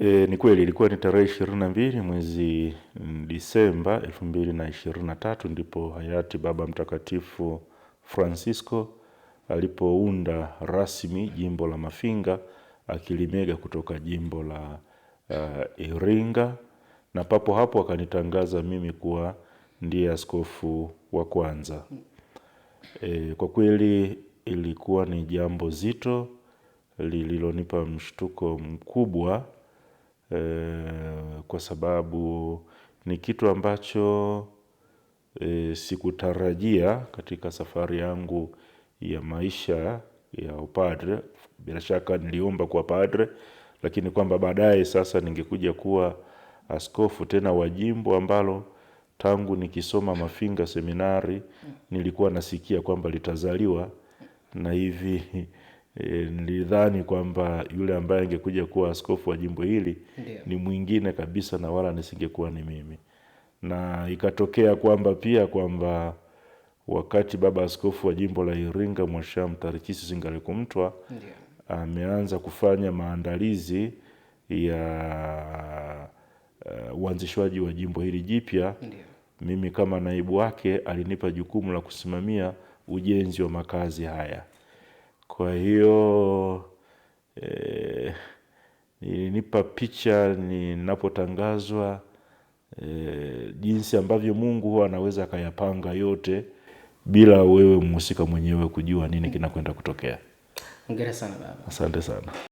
E, ni kweli ilikuwa ni tarehe ishirini na mbili mwezi mm, Disemba elfu mbili na ishirini na tatu ndipo hayati Baba Mtakatifu Francisco alipounda rasmi jimbo la Mafinga akilimega kutoka jimbo la uh, Iringa na papo hapo akanitangaza mimi kuwa ndiye askofu wa kwanza. E, kwa kweli ilikuwa ni jambo zito lililonipa mshtuko mkubwa Eh, kwa sababu ni kitu ambacho e, sikutarajia katika safari yangu ya maisha ya upadre. Bila shaka niliomba kuwa padre, lakini kwamba baadaye sasa ningekuja kuwa askofu tena wa jimbo ambalo tangu nikisoma Mafinga seminari nilikuwa nasikia kwamba litazaliwa na hivi E, nilidhani kwamba yule ambaye angekuja kuwa askofu wa jimbo hili Ndiyo. ni mwingine kabisa na wala nisingekuwa ni mimi, na ikatokea kwamba pia kwamba wakati baba askofu wa jimbo la Iringa Mwasham Tarikisi Zingalikumtwa ameanza kufanya maandalizi ya uh, uanzishwaji wa jimbo hili jipya, mimi kama naibu wake alinipa jukumu la kusimamia ujenzi wa makazi haya. Kwa hiyo e, nilinipa picha ninapotangazwa e, eh, jinsi ambavyo Mungu huwa anaweza akayapanga yote bila wewe mhusika mwenyewe kujua nini kinakwenda kutokea. Hongera sana baba. Asante sana.